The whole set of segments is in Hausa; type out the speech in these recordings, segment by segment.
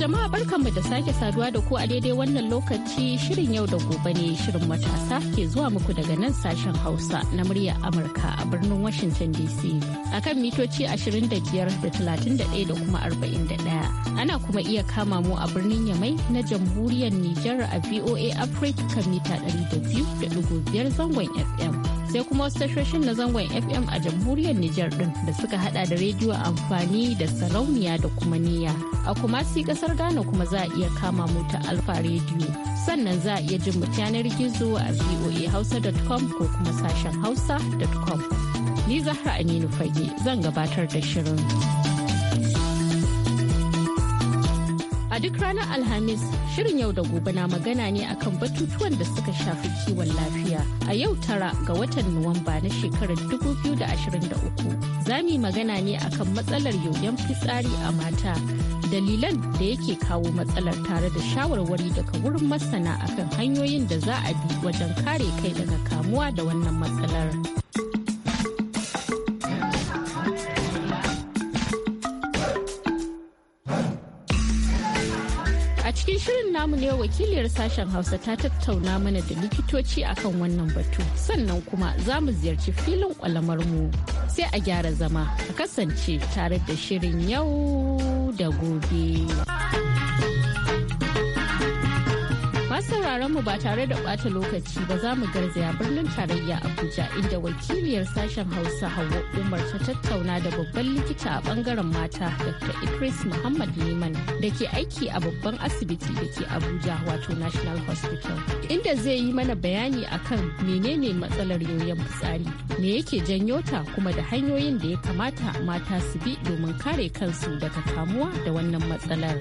jama'a barkanmu da sake saduwa da ku a daidai wannan lokaci shirin yau da gobe ne shirin matasa ke zuwa muku daga nan sashen Hausa na muryar Amurka a birnin Washington DC a kan mitoci 25 da 31 da kuma 41. Ana kuma iya kama mu a birnin Yamai na jamhuriyar niger a VOA Africa kan mita 200.5 zangon FM. sai kuma wasu tashoshin na zangon FM a jamhuriyar Nijar din da suka hada da rediyo amfani da sarauniya da kuma niya. A kumasi kasar Ghana kuma za a iya kama mu ta Alfa rediyo Sannan za a iya jin mu yanar gizo a hausa.com ko kuma sashen hausa.com. Ni Zahra Aminu Fage zan gabatar da shirin. duk ranar Alhamis, shirin yau da gobe na magana ne akan batutuwan da suka shafi kiwon lafiya. A yau tara ga watan Nuwamba na shekarar da ashirin 2023, za mu magana ne akan matsalar yoyon fitsari a mata. Dalilan da yake kawo matsalar tare da shawarwari daga wurin masana akan hanyoyin da za a bi wajen kare kai daga kamuwa da wannan matsalar. namu ne wakiliyar sashen hausa ta tattauna mana da likitoci akan wannan batu sannan kuma za mu ziyarci filin kwalamar mu sai a gyara zama a kasance tare da shirin yau da gobe. sauraron mu ba tare da bata lokaci ba za mu garzaya birnin tarayya Abuja inda wakiliyar sashen Hausa Hauwa Umar ta tattauna da babban likita a bangaren mata Dr. Idris Muhammad Liman da ke aiki a babban asibiti da ke Abuja wato National Hospital. Inda zai yi mana bayani akan menene matsalar yoyon fitsari, me yake janyo ta kuma da hanyoyin da ya kamata mata su bi domin kare kansu daga kamuwa da wannan matsalar.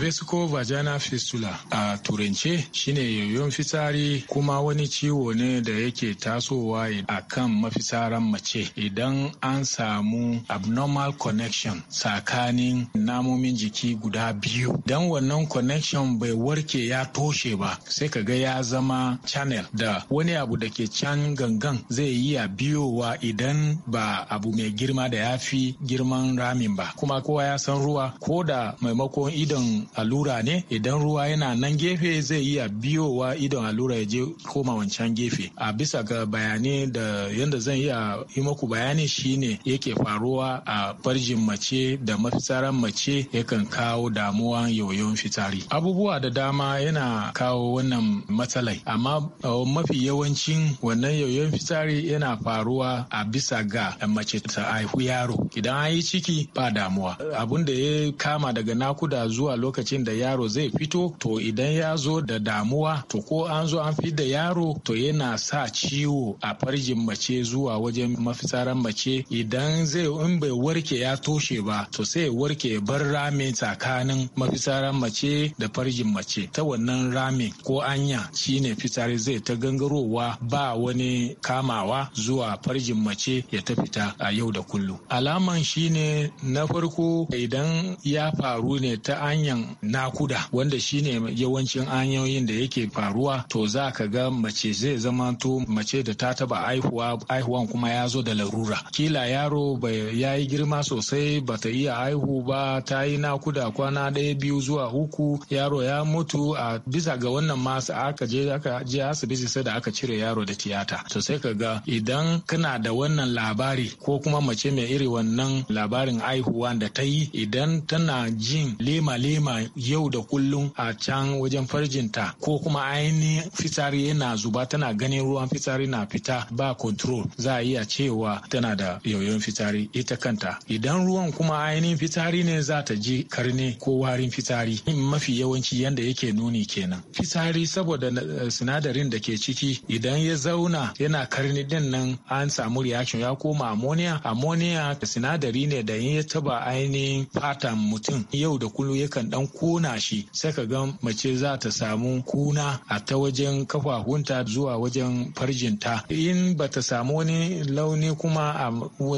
Vesico vagina fistula a turance shine yoyon fitsari kuma wani ciwo ne da yake tasowa a kan mafitsaran mace idan an samu abnormal connection tsakanin namomin jiki guda biyu dan wannan connection bai warke ya toshe ba sai ka ga ya zama channel da wani abu da ke can gangan zai yi a biyowa idan ba abu mai girma da ya fi girman ramin ba kuma kowa ya san ruwa ko da maimakon idon allura ne idan ruwa yana nan gefe zai yi. iya biyowa idon allura ya je koma wancan gefe a bisa ga bayanai da yadda zan iya yi maku bayani shine yake faruwa a farjin mace da mafitsaran mace yakan kawo damuwa yoyon fitari abubuwa da dama yana kawo wannan matsalai amma uh, mafi yawancin wannan yoyon fitari yana faruwa a bisa ga mace ta haihu yaro idan an yi ciki ba damuwa abun da ya kama daga nakuda zuwa lokacin da yaro zai fito to idan ya zo da damuwa to ko an zo an fidda yaro to yana sa ciwo a farjin mace zuwa wajen mafitsaran mace idan zai in bai warke ya toshe ba to sai ya warke bar rame tsakanin mafitsaran mace da farjin mace ta wannan rame ko anya shine fitsari zai ta gangarowa ba wani kamawa zuwa farjin mace ya ta fita a yau da kullum alaman shine na farko idan ya faru ne ta anyan nakuda wanda shine yawancin hanyoyin yanayin da yake faruwa to za ka ga mace zai zama to mace da ta taba aihuwa aihuwan kuma ya zo da larura kila yaro bai ya yi girma sosai bata iya aihu ba ta yi nakuda kwana ɗaya biyu zuwa uku yaro ya mutu a bisa ga wannan masu aka je aka je asibiti sai da aka cire yaro da tiyata to sai ka ga idan kana da wannan labari ko kuma mace mai iri wannan labarin aihuwa da ta yi idan tana jin lema lema yau da kullum a can wajen farjinta ko kuma ainihin fitsari yana zuba tana ganin ruwan fitsari na fita ba control za a iya cewa tana da yoyon fitsari ita kanta idan ruwan kuma ainihin fitsari ne za ta ji karni ko warin fitsari mafi yawanci yanda yake nuni kenan fitsari saboda eh, sinadarin da ke ciki idan ya zauna yana karni din nan an samu reaction ya koma ammonia ammonia sinadari ne da ya taba ainihin fatan mutum yau da kullum yakan dan kona shi sai ka ga mace za ta samu kuna a ta wajen kafafunta zuwa wajen farjinta in ba ta samu wani launi kuma a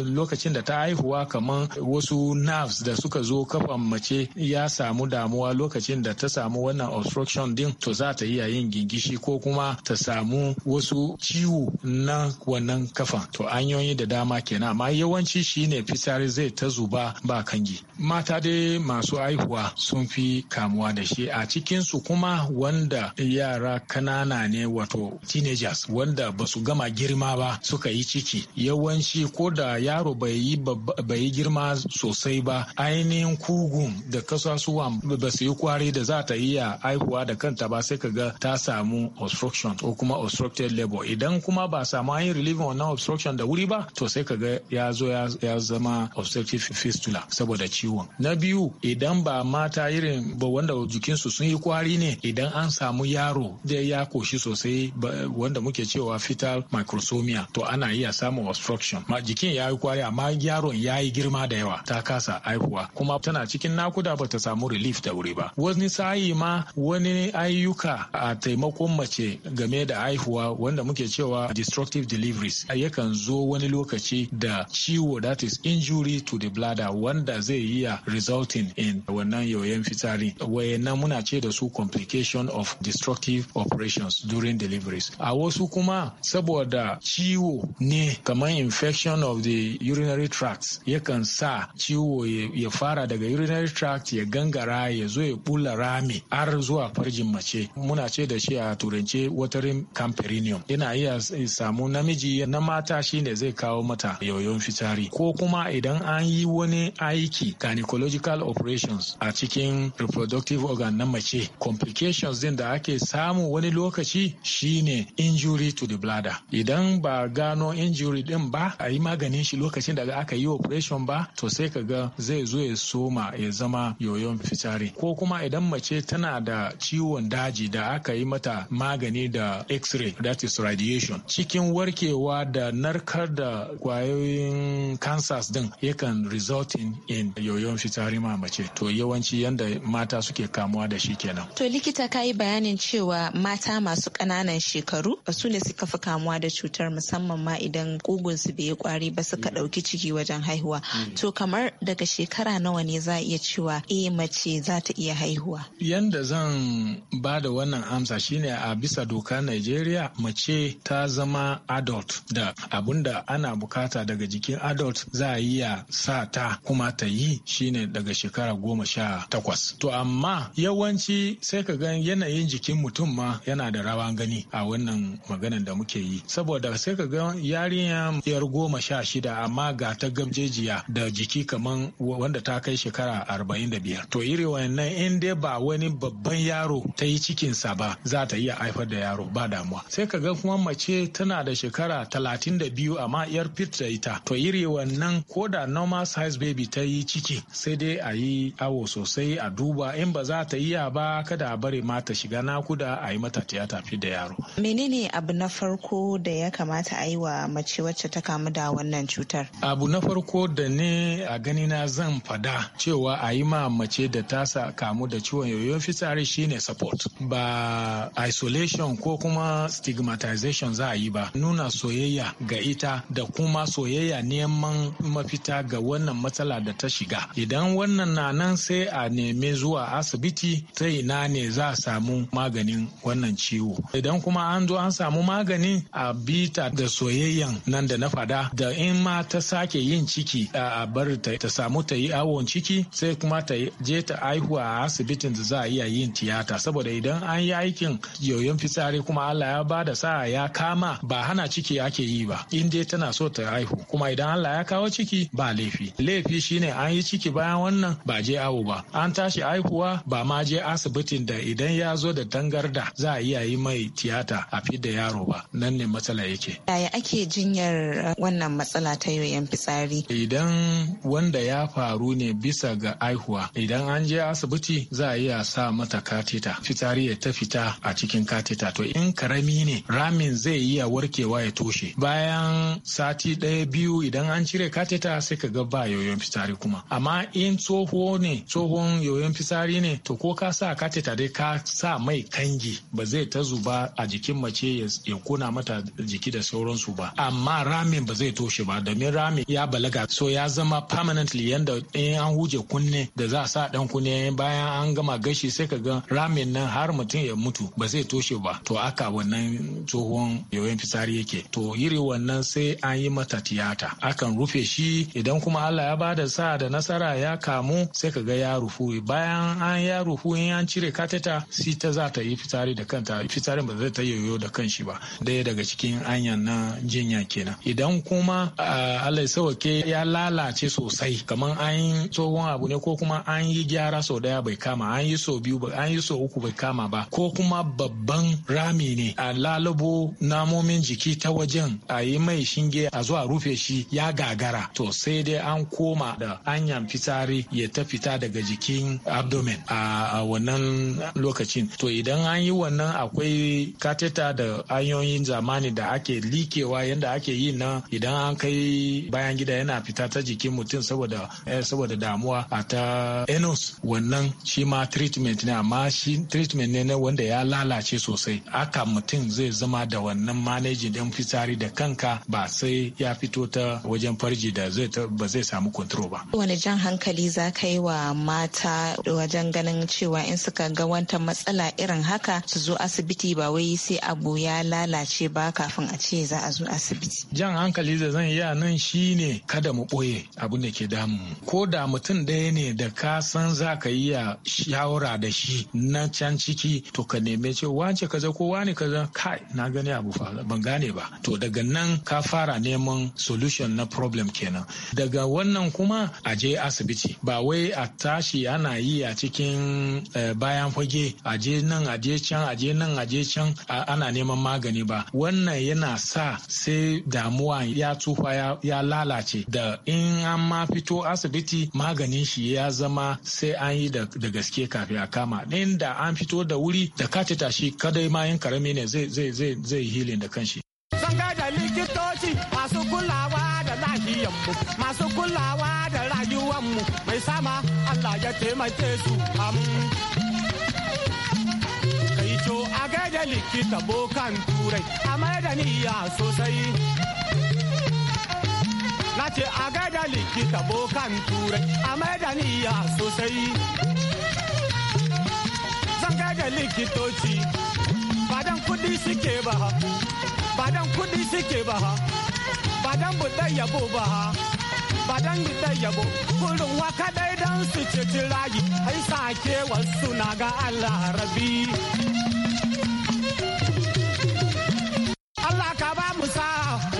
lokacin da ta haihuwa kamar wasu nerves da suka zo kafan mace ya samu damuwa lokacin da ta samu wannan obstruction din to za ta iya yin gingishi ko kuma ta samu wasu ciwo na wannan kafan to hanyoyi da dama kenan amma yawanci shine fitsari zai ta zuba ba kangi mata dai masu haihuwa sun fi kamuwa da shi a cikinsu kuma wannan wanda yara kanana ne wato teenagers wanda ba su gama girma ba suka yi ciki yawanci ko da yaro bai yi girma sosai ba ainihin kugun da kasasuwa ba su yi kwari da za ta iya haihuwa da kanta ba sai ga ta samu obstruction ko kuma obstructed labor idan kuma ba samu an yi relieving wannan obstruction da wuri ba to sai kaga ya zo ya zama obstructive fistula saboda ciwon na biyu idan ba mata irin ba wanda jikinsu sun yi kwari ne idan an samu yaro da ya koshi sosai wanda muke cewa fetal microsomia to ana iya samun obstruction ma jikin ya yi kwari amma yaron ya yi girma da yawa ta kasa haihuwa kuma tana cikin nakuda ba ta samu relief da wuri ba wani sayi ma wani ayyuka a taimakon mace game da haihuwa wanda muke cewa destructive deliveries yakan zo wani lokaci da ciwo that is injury to the bladder wanda zai iya resulting in wannan yoyon fitsari wayannan muna ce da su complication of of destructive operations during deliveries. A wasu kuma saboda ciwo ne kamar infection of the urinary tract yakan sa ciwo ya fara daga urinary tract ya gangara ya zo ya bula rami har zuwa farjin mace. Muna ce da shi a turance watering camperinium. Yana iya samu namiji na mata ne zai kawo mata yoyon fitari. Ko kuma idan an yi wani aiki gynecological operations a cikin reproductive organ na mace complications din matsalolin da ake samu wani lokaci shine injury to the bladder idan ba gano injury din ba a yi maganin shi lokacin da aka yi operation ba to sai ka ga zai zo ya soma ya zama yoyon fitsari ko kuma idan mace tana da ciwon daji da aka yi mata magani da x-ray that is radiation cikin warkewa da narkar da kwayoyin kansas din yakan resulting in yoyon fitsari ma mace to yawanci yanda mata suke kamuwa da shi kenan to likita ka yi bayanin cewa mata masu ƙananan shekaru ba su ne suka fi kamuwa da cutar musamman ma idan su bai yi kwari ba suka mm. ɗauki ciki wajen haihuwa. Mm. To kamar daga shekara nawa ne za a iya cewa eh mace za ta iya haihuwa? Yanda zan ba da wannan amsa shine a bisa doka Najeriya mace ta zama adult da da ana bukata daga jikin adult za a iya sa ta kuma ta yi shine daga shekara goma sha takwas. To amma yawanci sai ka gan yanayin. yanayin jikin mutum ma yana da rawan gani a wannan maganan da muke yi saboda sai ka ga yarinya yar goma sha shida amma ga ta gamjejiya da jiki kaman wanda ta kai shekara arba'in da biyar to iri wannan in dai ba wani babban yaro ta yi cikinsa ba za ta iya haifar da yaro ba damuwa sai ka ga kuma mace tana da shekara talatin da biyu amma yar fit da ita to iri wannan ko da normal size baby ta yi ciki sai dai a yi awo sosai a duba in ba za ta iya ba kada a bari mata shiga nakuda a yi mata tiyata fi da yaro. Menene abu na farko da ya kamata a yi wa mace wacce ta kamu da wannan cutar? Abu na farko da ne a gani na zan fada cewa a yi ma mace da ta kamu da ciwon yoyon fitsari shine support ba isolation ko kuma stigmatization za a yi ba nuna soyayya ga ita da kuma soyayya neman mafita ga wannan matsala da ta shiga idan wannan na nan sai a neme zuwa asibiti ta ina ne za a samu samu maganin wannan ciwo idan kuma an zo an samu magani a bita da soyayyan nan da na fada da in ma ta sake yin ciki a bar ta samu ta yi awon ciki sai kuma ta je ta aihu a asibitin da za a iya yin tiyata saboda idan an yi aikin yoyon fitsari kuma Allah ya ba da sa'a ya kama ba hana ciki ake yi ba in dai tana so ta haihu kuma idan Allah ya kawo ciki ba laifi laifi shine an yi ciki bayan wannan ba je awo ba an tashi aihuwa ba ma je asibitin da idan ya zo da tangarda za a iya yi mai tiyata a fidda yaro ba nan ne matsala yake yaya ake jinyar uh, wannan matsala ta yoyon fitsari idan wanda ya faru ne bisa ga aihuwa idan an je asibiti za a iya sa mata katita fitsari ya ta fita a cikin katita to in karami ne ramin zai iya warkewa ya toshe bayan sati ɗaya biyu idan an cire katita sai ka ga ba yoyon fitsari kuma amma in tsoho ne tsohon yoyon fitsari ne to ko ka sa katita dai ka sa mai kangi ba zai ta zuba a jikin mace ya kona mata jiki da sauransu ba amma ramin ba zai toshe ba domin ramin ya balaga so ya zama permanently yanda in an huje kunne da za sa dan kunne bayan an gama gashi sai ka ga ramin nan har mutum ya mutu ba zai toshe ba to aka wannan tsohon yawan fitsari yake to yiri wannan sai an yi mata tiyata akan rufe shi idan kuma Allah ya bada sa da nasara ya kamu sai ka ga ya rufu bayan an ya rufu in an cire kateta si ita za ta yi fitsari da kanta fitsarin ba zai ta yoyo da kanshi ba daya daga cikin anyan na jinya kenan idan kuma Allah sauke ya lalace sosai kamar an tsohon abu ne ko kuma an yi gyara sau daya bai kama an yi sau biyu an yi sau uku bai kama ba ko kuma babban rami ne a lalubo namomin jiki ta wajen a yi mai shinge a zuwa rufe shi ya gagara to sai dai an koma da anyan fitsari ya ta fita daga jikin abdomen a wannan lokaci to idan an yi wannan akwai kateta da hanyoyin zamani da ake likewa yadda ake yi na. idan an kai bayan gida yana fita ta jikin mutum saboda eh, damuwa a ta enos wannan shi ma treatment ne amma shi treatment ne na wanda ya lalace sosai aka mutum zai zama da wannan manaji don fitsari da kanka ba sai ya fito ta wajen farji da zai ba zai samu control ba wani jan hankali za ka yi wa mata wajen ganin cewa in suka ga wata matsala matsala irin haka su zo asibiti ba wai sai abu ya lalace ba kafin a ce za a zo asibiti. Jan hankali da zan yi nan shi ne. kada mu ɓoye abin da ke damu. Ko da mutum ɗaya ne da ka san za ka yi shawara da shi na can ciki to ka neme ce wace kaza ko wani kaza kai na gani abu faɗa ban gane ba. To daga nan ka fara neman solution na problem kenan. Daga wannan kuma a je asibiti ba wai a tashi ana yi a cikin eh, bayan fage a aje nan aje can aje nan aje can ana neman magani ba wannan yana sa sai damuwa ya tsufa ya lalace da in an ma fito asibiti maganin shi ya zama sai an yi da gaske kafin a kama ɗin da an fito da wuri da katita shi kadai ma yin karami ne zai zai zai zai hilin da kanshi likitoci masu kulawa da masu kulawa da rayuwanmu mai sama Allah ya taimake su amin to a gaida likita bokan turai a da niyya sosai na ce a gaida likita bokan turai a da niyya sosai zan gaida likitoci badan kudi suke ba badan kudi suke ba badan budan yabo ba ba dangi da yabo kurin waka dai don su ci rayu ai sake wasu na ga Allah rabi Allah ka ba mu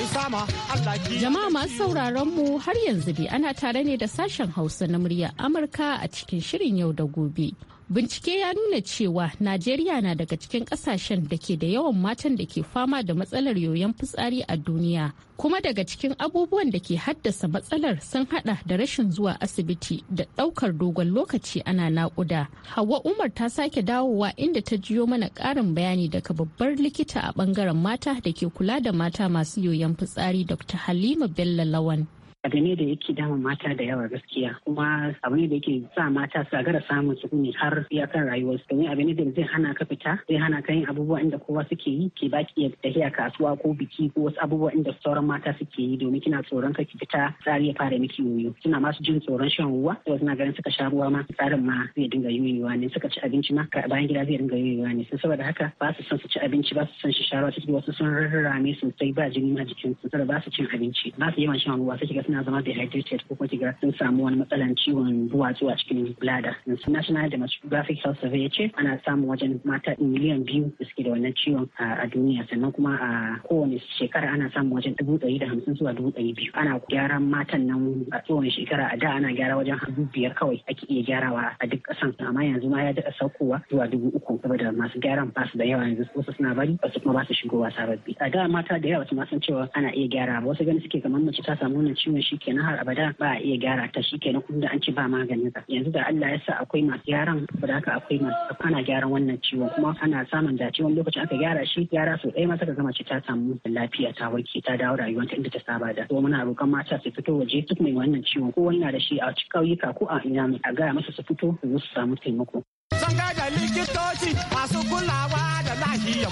sama Allah ki Jama'a masu sauraron mu har yanzu dai ana tare ne da sashen Hausa na muryar Amurka a cikin shirin yau da gobe Bincike ya nuna cewa Najeriya na daga cikin kasashen da ke da yawan matan da ke fama da matsalar yoyon fitsari a duniya. Kuma daga cikin abubuwan da ke haddasa matsalar sun hada da rashin zuwa asibiti da daukar dogon lokaci ana nakuda. Hawa Umar ta sake dawowa inda ta jiyo mana karin bayani daga babbar likita a bangaren mata da ke kula da mata masu yoyon fitsari Dr. Halima Bello Lawan. abu ne da yake dama mata da yawa gaskiya kuma abu ne da yake sa mata su gara samun sukuni har iyakar su domin abu ne da zai hana ka fita zai hana ka yin abubuwa inda kowa suke yi ke baki ya tafiya kasuwa ko biki ko wasu abubuwa inda sauran mata suke yi domin kina tsoron ka ki fita tsari ya fara miki yoyo kina masu jin tsoron shan ruwa da wasu na ganin suka sha ruwa ma tsarin ma zai dinga yoyewa ne suka ci abinci ma bayan gida zai dinga yoyewa ne sun saboda haka ba su son su ci abinci ba su son su sha ruwa wasu sun rarrame sosai ba jini ma jikinsu saboda ba su cin abinci ba su yawan shan ruwa sai kiga suna zama dehydrated ko kuma sun samu wani matsalan ciwon duwatsu a cikin bladder. National Demographic Health Survey ya ce ana samun wajen mata miliyan biyu da suke da wannan ciwon a duniya sannan kuma a kowane shekara ana samun wajen dubu ɗari da hamsin zuwa dubu ɗari biyu. Ana gyaran matan nan a tsohon shekara a da ana gyara wajen hannu biyar kawai ake iya gyarawa a duk ƙasan amma yanzu ma ya daɗa saukowa zuwa dubu uku saboda masu gyaran ba su da yawa yanzu wasu suna bari wasu kuma ba su shigowa sababbi. A da mata da yawa su ma san cewa ana iya gyara wasu gani suke kamar mace ta samu wannan ciwon magani shi kenan har abada ba a iya gyara ta shi kenan kuma da an ci ba maganin ta yanzu da Allah ya sa akwai masu gyaran da haka akwai masu ana gyaran wannan ciwon kuma ana samun da ciwon lokacin aka gyara shi gyara sau ɗaya masa ka gama ci ta samu lafiya ta warke ta dawo ta inda ta saba da to muna roƙon mata su fito waje duk mai wannan ciwon ko wani da shi a ƙauyuka ko a ina a gaya masa su fito su su samu taimako. Sun da likitoci masu kulawa da mu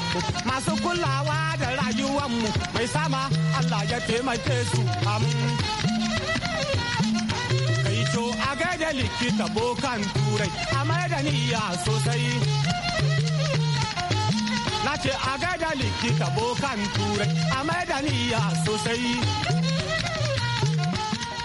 masu kulawa da mu mai sama Allah ya taimake su amin. to a gaida likita bokan turai a mai da sosai na ce a gaida likita bokan turai a mai da sosai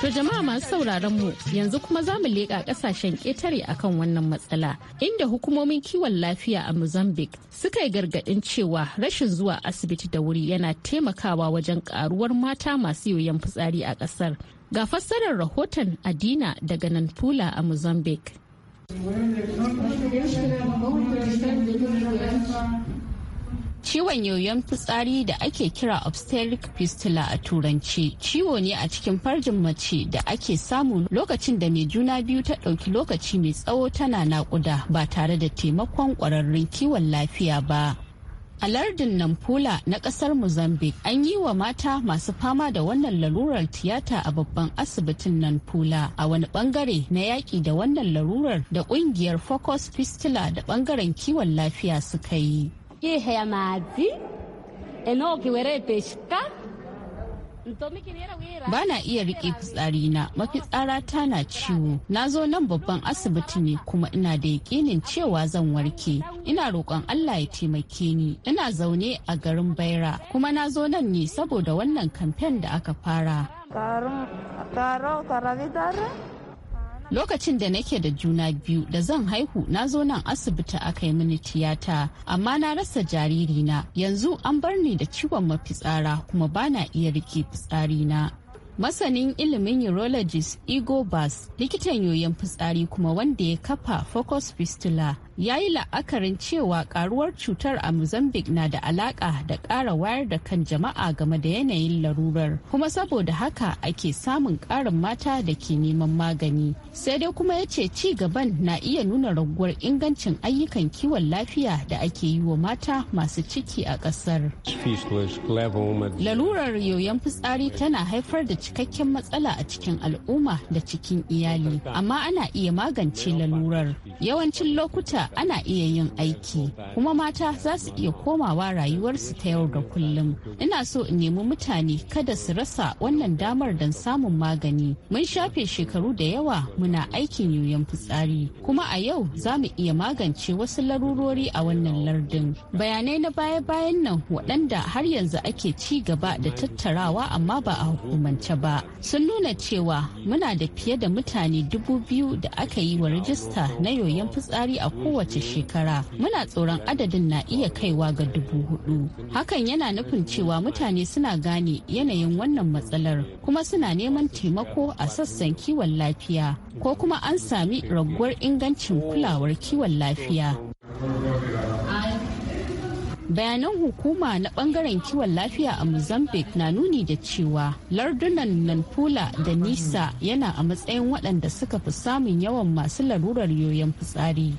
To jama'a masu sauraron mu yanzu kuma za mu leƙa ƙasashen ƙetare akan wannan matsala inda hukumomin kiwon lafiya a Mozambique suka yi gargaɗin cewa rashin zuwa asibiti da wuri yana taimakawa wajen ƙaruwar mata masu yoyon fitsari a ƙasar Ga fassarar rahoton Adina daga Nanfula a Mozambique. Ciwon yoyon fitsari da ake kira obstetric fistula a turanci ciwo ne a cikin farjin mace da ake samu lokacin da mai juna biyu ta ɗauki lokaci mai tsawo tana naƙuda ba tare da taimakon ƙwararrun kiwon lafiya ba. a lardin Nampula na kasar Mozambique an yi wa mata masu fama da wannan larurar tiyata a babban asibitin Nampula a wani bangare na yaki da wannan larurar da kungiyar Focus Fistula da bangaren kiwon lafiya suka yi. ba na iya riƙe fitsari na mafitsara ta na ciwo na zo nan babban asibiti ne kuma ina da yakinin cewa zan warke ina roƙon allah ya taimake ni ina zaune a garin baira kuma na zo nan ne saboda wannan kamfen da aka fara lokacin da nake da juna biyu da zan haihu na zo nan asibiti aka yi mini tiyata amma na rasa jariri na yanzu an bar ni da ciwon mafitsara kuma bana iya rike na. masanin ilimin urologist igor bass likitan yoyon fitsari kuma wanda ya kafa focus fistula ya yi la'akarin cewa karuwar cutar a mozambique na da alaka da ƙara wayar da kan jama'a game da yanayin larurar kuma saboda haka ake samun ƙarin mata da ke neman magani sai dai kuma ya ce ci gaban na iya nuna raguwar ingancin ayyukan kiwon lafiya da ake yi wa mata masu ciki a kasar. larurar yoyon fitsari tana haifar da cikakken matsala a cikin al'umma da cikin iyali amma ana iya magance lalurar yawancin lokuta ana iya yin aiki kuma mata za su iya komawa rayuwarsu ta yau da kullum ina so in nemi mutane kada su rasa wannan damar don samun magani mun shafe shekaru da yawa muna aikin yoyon fitsari kuma a yau za mu iya magance wasu larurori a wannan lardin bayanai na baya-bayan nan waɗanda har yanzu ake ci gaba da tattarawa amma ba a hukumance ba sun nuna cewa muna da fiye da mutane dubu biyu da aka yi wa rajista na yoyon fitsari a ko kowace shekara muna tsoron adadin na iya kaiwa ga dubu hudu hakan yana nufin cewa mutane suna gane yanayin wannan matsalar kuma suna neman taimako a sassan kiwon lafiya ko kuma an sami raguwar ingancin kulawar kiwon lafiya bayanan hukuma na bangaren kiwon lafiya a mozambique na nuni da cewa lardunan nanfula da nisa yana a matsayin waɗanda suka fi samun yawan masu larurar yoyon fitsari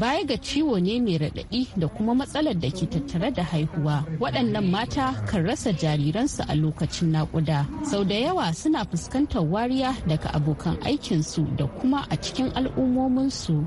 baya ga ciwo ne mai raɗaɗi da kuma matsalar da ke tattare da haihuwa waɗannan mata kan rasa jariransu a lokacin naƙuda sau da yawa suna fuskantar wariya daga abokan aikinsu da kuma a cikin al'ummominsu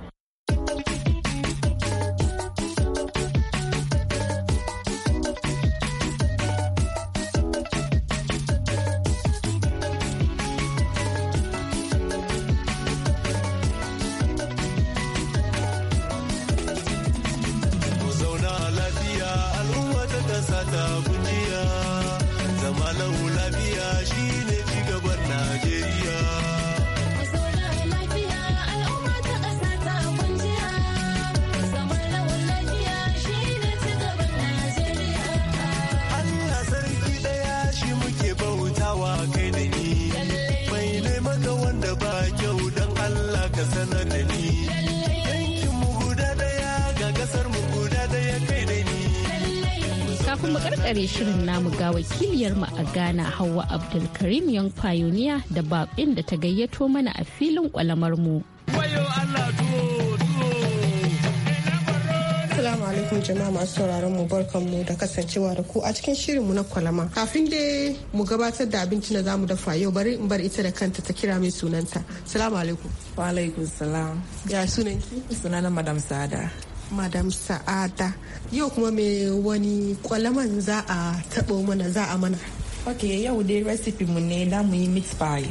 karkare shirin namu ga wakiliyarmu a Ghana Hauwa Abdulkarim Young Pioneer da babin da ta gayyato mana a filin mu. Assalamu alaikum jama'a masu sauraron mu mu da kasancewa da ku a cikin shirin mu na kwalama. Kafin da mu gabatar da abinci na zamu dafa yau bari in bar ita da kanta ta kira mai sunanta. Assalamu alaikum. Wa alaikum salam. Ya sunanki? Sunana Madam Sada. madam sa'ada yau kuma mai wani kwalaman za a taɓo mana za a mana ok yau dai recipe mu ne da mu yi mixed pie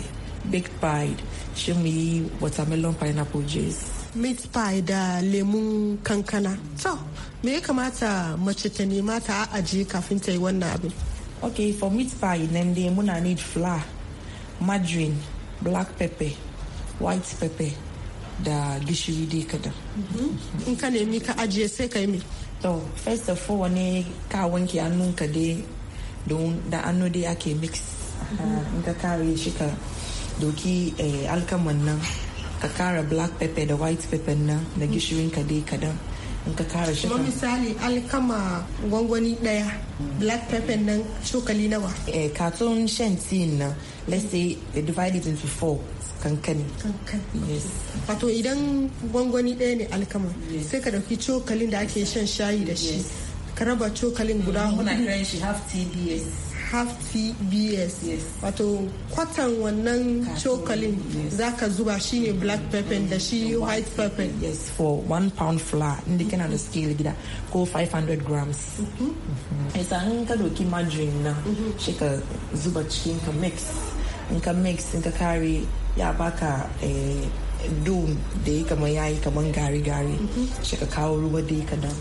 baked pie shi mu yi watermelon pineapple juice meat pie da lemun kankana to so, me ya kamata mace ta nema ta ajiye kafin ta yi wannan abin ok for meat pie nan dai muna need flour margarine black pepper white pepper da gishiri dai kadan mhm. in ka nemi ka ajiye sai ka yi to first of all wani ka wanke ka dai don da hannu dai ake mix mhm. in ka kare shi ka doki eh, alkaman nan ka kara black pepper da white pepper nan da mhm. gishirin ka dai kadan in ka kara shi kuma misali alkama gwangwani daya black pepper nan cokali nawa eh carton shan tin na let's say divide it into four kankani wato idan gwangwani daya ne alkama sai ka dauki cokalin da ake shan shayi da shi ka raba cokalin guda hudu half tbs half tbs wato kwatan wannan cokalin za ka zuba shine black pepper da shi white pepper yes for one pound flour inda kana da scale gida ko 500 grams isa mhm. mhm. ka doki margarine na mhm. shi ka zuba cikin ka mix in ka mix in ka kare ya baka eh, doom da ya kama yayi kaman gari-gari mhm. shi ka kawo ruwa dai kadan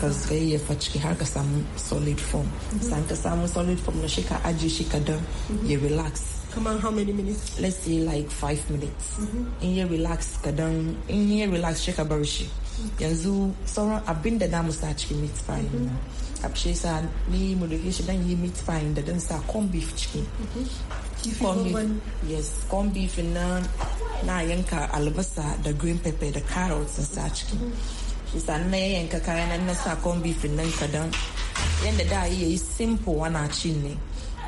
ka yayyafa ciki har ka samu solid form mhm. san ka samu solid form na shi ka aji shi kadan mhm. ya relax kaman how many minutes let's say like five minutes in ya relax kadan in ya relax shi ka bar shi yanzu sauran abin da namu sa cikin meat pie na shi sa ni mu shi dan yi meat pie da dan sa corn beef ciki corn beef na yanka albasa da green pepper da carrots sun sa ciki sannan na yanka kayan nan na sa corn beef nan kadan yanda da yi simple wana ci ne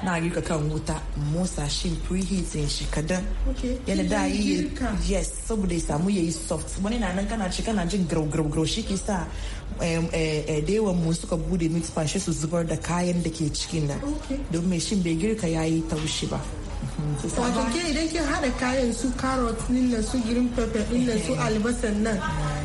na ka kan wuta musa shi preheating shi kadan yadda da yi yes saboda ya samu yayi soft wani na nan kana ci kana jin grow shi ke sa eh, eh, dewa mu suka bude mix pan shi su zubar da kayan da ke cikin nan don me shin bai girka yayi taushi ba wato ke idan kin hada kayan su carrot din nan su green pepper din nan su albasan nan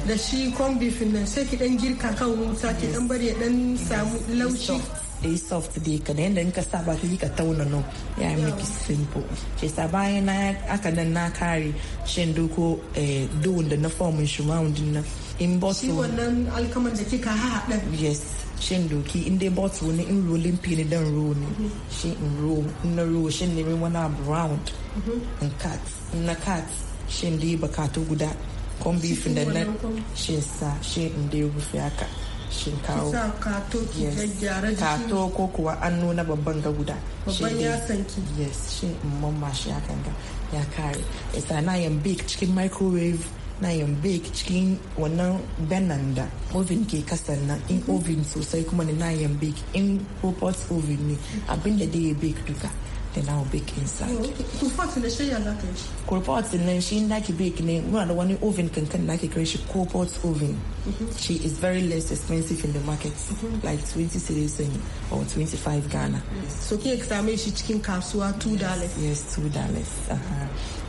da shi corn beef nan sai ki dan girka kan wuta ki dan bari ya dan samu laushi da soft dai ka da yadda ka saba yi ka tauna no ya yi miki simple ke sa bayan na aka nan na kare shin doko eh, doon da na formin shi round nan in bottle shi wannan alkaman da kika haɗa yes shin doki in dai bottle ne in rolling pin ne dan ruwa ne shi in roll in na roll shin ne wani abu round in cut in na cut shin dai bakatu guda kon beef da na shin sa shi in dai rufe haka shin kawo kato ko kuwa an nuna babban ga guda babban ya sanki yes shin in mamma shi hakan ga ya kare isa na yan bake cikin microwave na yin bake cikin wannan benin da oven ke kasar nan in mhm. oven sosai kuma na yin bake in pot oven ne abinda da dai ya bake duka da now bake inside. kurpot ne shi nan shi na bake ne muna da wani oven kankan naki ki kai shi kurpot oven mm-hmm. she is very less expensive in the market mm-hmm. like 20 cedis or 25 Ghana so ki same shi cikin kasuwa 2 dollars yes 2 dollars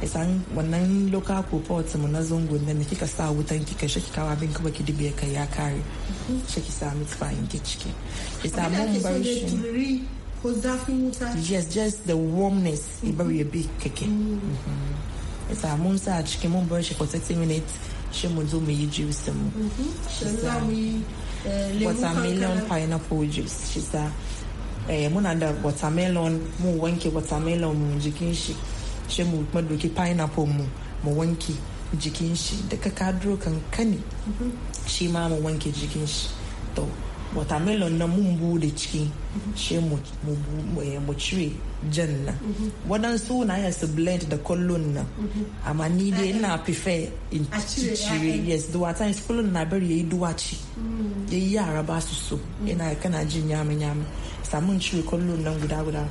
isan wannan local kurpot mu na ne ne kika sa wutan kika shi kika wa bin kawai ki dibe kai ya kare shi ki sami tsayin ki ciki ki ko zafin wuta yes just the warmness ya bari ya bi keke. isa mun sa a cikin mun bar shi for 30 minutes shi mu zo mu yi juice mu mm-hmm. eh, watermelon pineapple juice shi sa eh, muna da watermelon mu wanke watermelon mu jikin shi shi mu madoki pineapple mu mu wanke jikin shi da ka kadro kankani mm-hmm. shi ma mu wanke jikin shi to watermelon na mun bude ciki shi eh, mu cire jan nan waɗansu na yin su blend da kullun nan amma ni dai ina prefer in cire yes duwa ta kullun na bari yayi duwaci mm. yi yara ba su so mm. ina kana jin yami yami samun cire kullun nan guda guda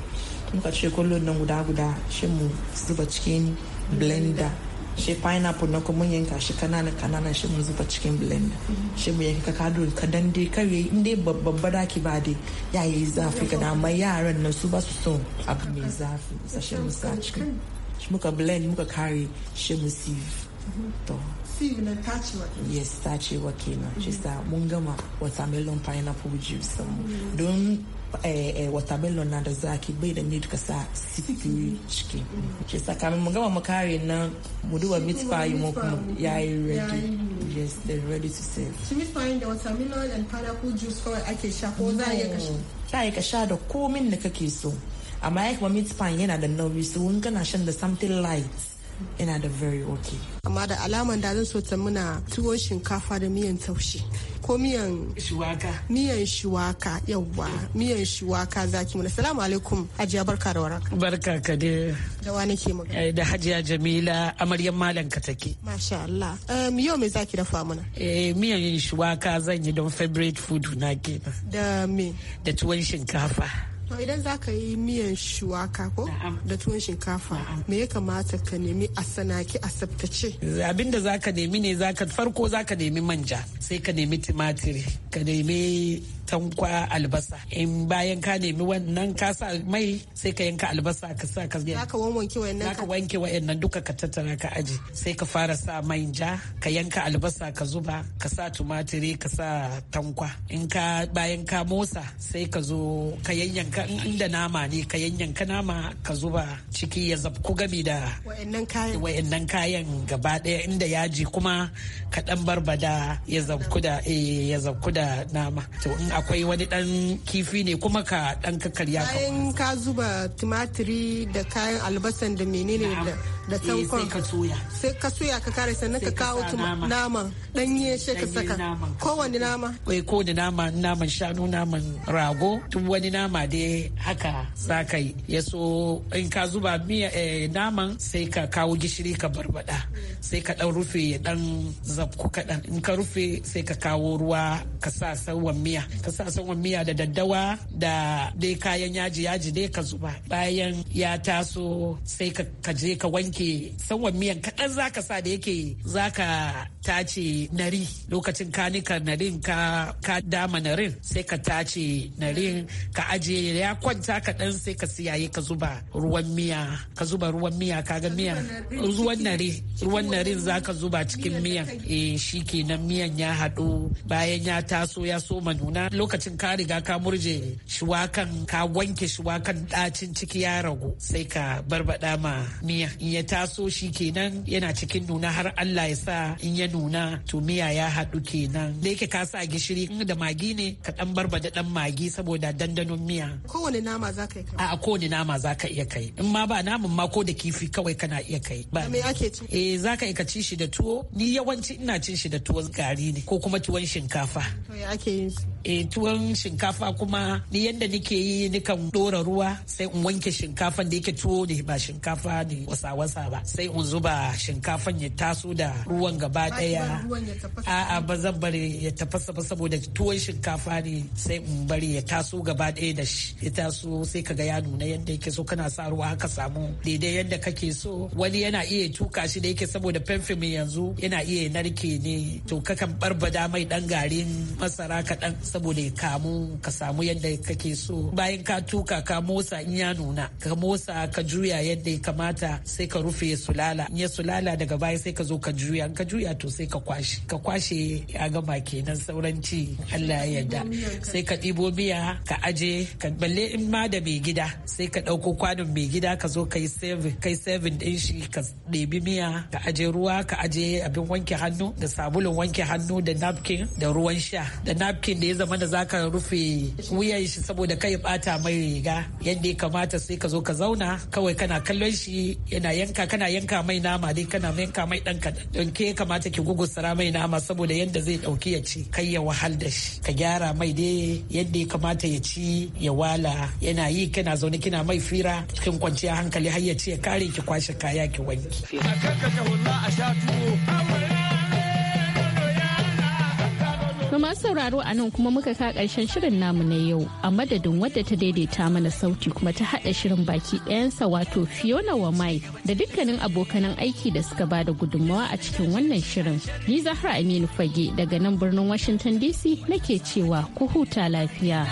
muka cire kullun nan guda guda shi mu zuba cikin blender shi pineapple na kuma yanka shi kananan kananan shi mun zuba cikin blender shi mun yanka kado kadan dai kar yayi in dai babba daki ba dai ya yi zafi ga amma yaran nan su ba su son abu mai zafi shi mun sa cikin shi muka blend muka kare shi mu sieve to sieve na tacewa yes tacewa kenan shi mhm. sa mun gama watermelon pineapple juice mhm. don Eh, eh, watermelon na da zaki bai da milk kasa sa ciki shi mm. sa kamin mu gama mu na muduwa mu meat pie mu kuma yi ready yes they're ready to serve shi meat pie da watermelon and pineapple juice kawai ake sha ko za a iya kashe za a ka sha da komin da kake so amma ya kuma meat pie yana da nauyi so in kana shan da something light Ina da very okay amma da alaman da zan so ta muna tuwon shinkafa da miyan taushe ko miyan shuwaka miyan shuwaka yawwa miyan shuwaka zaki muna. Salamu alaikum hajiya barka da waraka barka ka de da wani ke magana eh, da hajiya jamila amaryan malam ka take masha Allah um, yau me zaki dafa mana eh miyan shuwaka zan yi don favorite food na kenan da me da tuwon shinkafa To idan za ka yi miyan shuwaka ko da tuwon shinkafa me ya kamata ka nemi a sanaki a tsaftace? Abin da za ka nemi ne za farko za ka nemi manja sai ka nemi timatiri ka nemi tankwa albasa in bayan ka nemi wannan ka sa mai sai ka yanka albasa ka sa ka ka wanke wayannan ka wanke wayannan duka ka tattara ka aji sai ka fara sa mai ja ka yanka albasa ka zuba ka sa tumatiri ka sa tankwa in ka bayan ka motsa sai ka zo ka yanyanka inda nama ne ka yanyanka nama ka zuba ciki ya ku gami da wayannan kayan gaba daya inda yaji kuma ka dan barbada ya da eh, ya zabku da nama to in akwai wani dan kifi ne kuma ka dan ka Kayan ka zuba tumatiri da kayan albasan da menene da da eh, soya. sai ka soya ka kare sannan ka kawo naman danye shi ka saka kowane nama kai ko da nama naman shanu naman rago duk wani nama dai haka za yi ya so in ka zuba miya eh, naman sai ka kawo gishiri ka barbada sai ka dan rufe ya dan zabku kadan in ka rufe sai ka kawo ruwa ka sa sawan miya ka sa sawan miya da daddawa da dai kayan yaji yaji dai ka zuba bayan ya taso sai ka je ka wanke yake sanwan miyan kaɗan zaka sa da yake zaka tace nari lokacin ka nika narin ka ka dama narin sai ka tace narin ka aje ya kwanta kaɗan sai ka siyaye ka zuba ruwan miya ka zuba ruwan miya kaga miya ruwan nare ruwan narin zaka zuba cikin miyan eh kenan miyan ya haɗu bayan ya taso ya soma nuna lokacin ka riga ka murje shuwakan ka wanke shuwakan ɗacin ciki ya ragu sai ka barbada ma miya in ya taso shi kenan yana cikin nuna har Allah ya sa in ya nuna to miya ya haɗu kenan da yake ka sa gishiri in da magi ne ka dan da dan magi saboda dandanon miya kowane nama za ka kai a kowane nama za ka iya kai in ma ba namun ma ko da kifi kawai kana iya kai ba me ake ci eh za ka iya ci shi da tuwo ni yawanci ina cin shi da tuwon gari ne ko kuma tuwon shinkafa to ya ake yin shi eh tuwon shinkafa kuma ni yanda nike yi nikan dora ruwa sai in wanke shinkafan da yake tuwo ne ba shinkafa ne wasa wasa tafasa ba sai in zuba shinkafan ya taso da ruwan gaba daya a'a ba zan bari ya tafasa ba saboda tuwon shinkafa ne sai in bari ya taso gaba daya da shi ya taso sai kaga ya nuna yadda yake so kana sa ruwa haka samu daidai yadda kake so wani yana iya tuka shi da yake saboda mai yanzu yana iya narke ne to kakan barbada mai dan garin masara kaɗan saboda ya kamu ka samu yadda kake so bayan ka tuka ka motsa in ya nuna ka motsa ka juya yadda ya kamata sai ka ka rufe ya sulala ya sulala daga baya sai ka zo ka juya ka juya to sai ka kwashe ka kwashe ya gaba kenan sauran ci Allah ya yarda sai ka ɗibo miya ka aje ka balle in ma da mai gida sai ka ɗauko kwanon mai gida ka zo kai seven kai seven ɗin shi ka ɗebi miya ka aje ruwa ka aje abin wanke hannu da sabulun wanke hannu da napkin da ruwan sha da napkin da ya zama da zaka rufe wuyan shi saboda kai bata mai riga yadda ya kamata sai ka zo ka zauna kawai kana kallon shi yana yanka kana yanka mai nama dai kana yanka mai danka don ke kamata ki gugusara mai nama saboda yadda zai dauki ya ci kai ya wahal da shi ka gyara mai dai yadda ya kamata ya ci ya wala yana yi kana zaune kina mai fira cikin kwanciya hankali har ya ci ya kare ki kwashe kaya ki wanki a kanka a sha tuwo masu sauraro a nan kuma muka ka karshen shirin namu na yau a madadin wadda ta daidaita mana sauti kuma ta hada shirin baki ɗayansa wato Fiona wa mai da dukkanin abokanan aiki da suka ba da gudunmawa a cikin wannan shirin. Ni Zahra Aminu Fage daga nan birnin Washington DC nake cewa ku huta lafiya.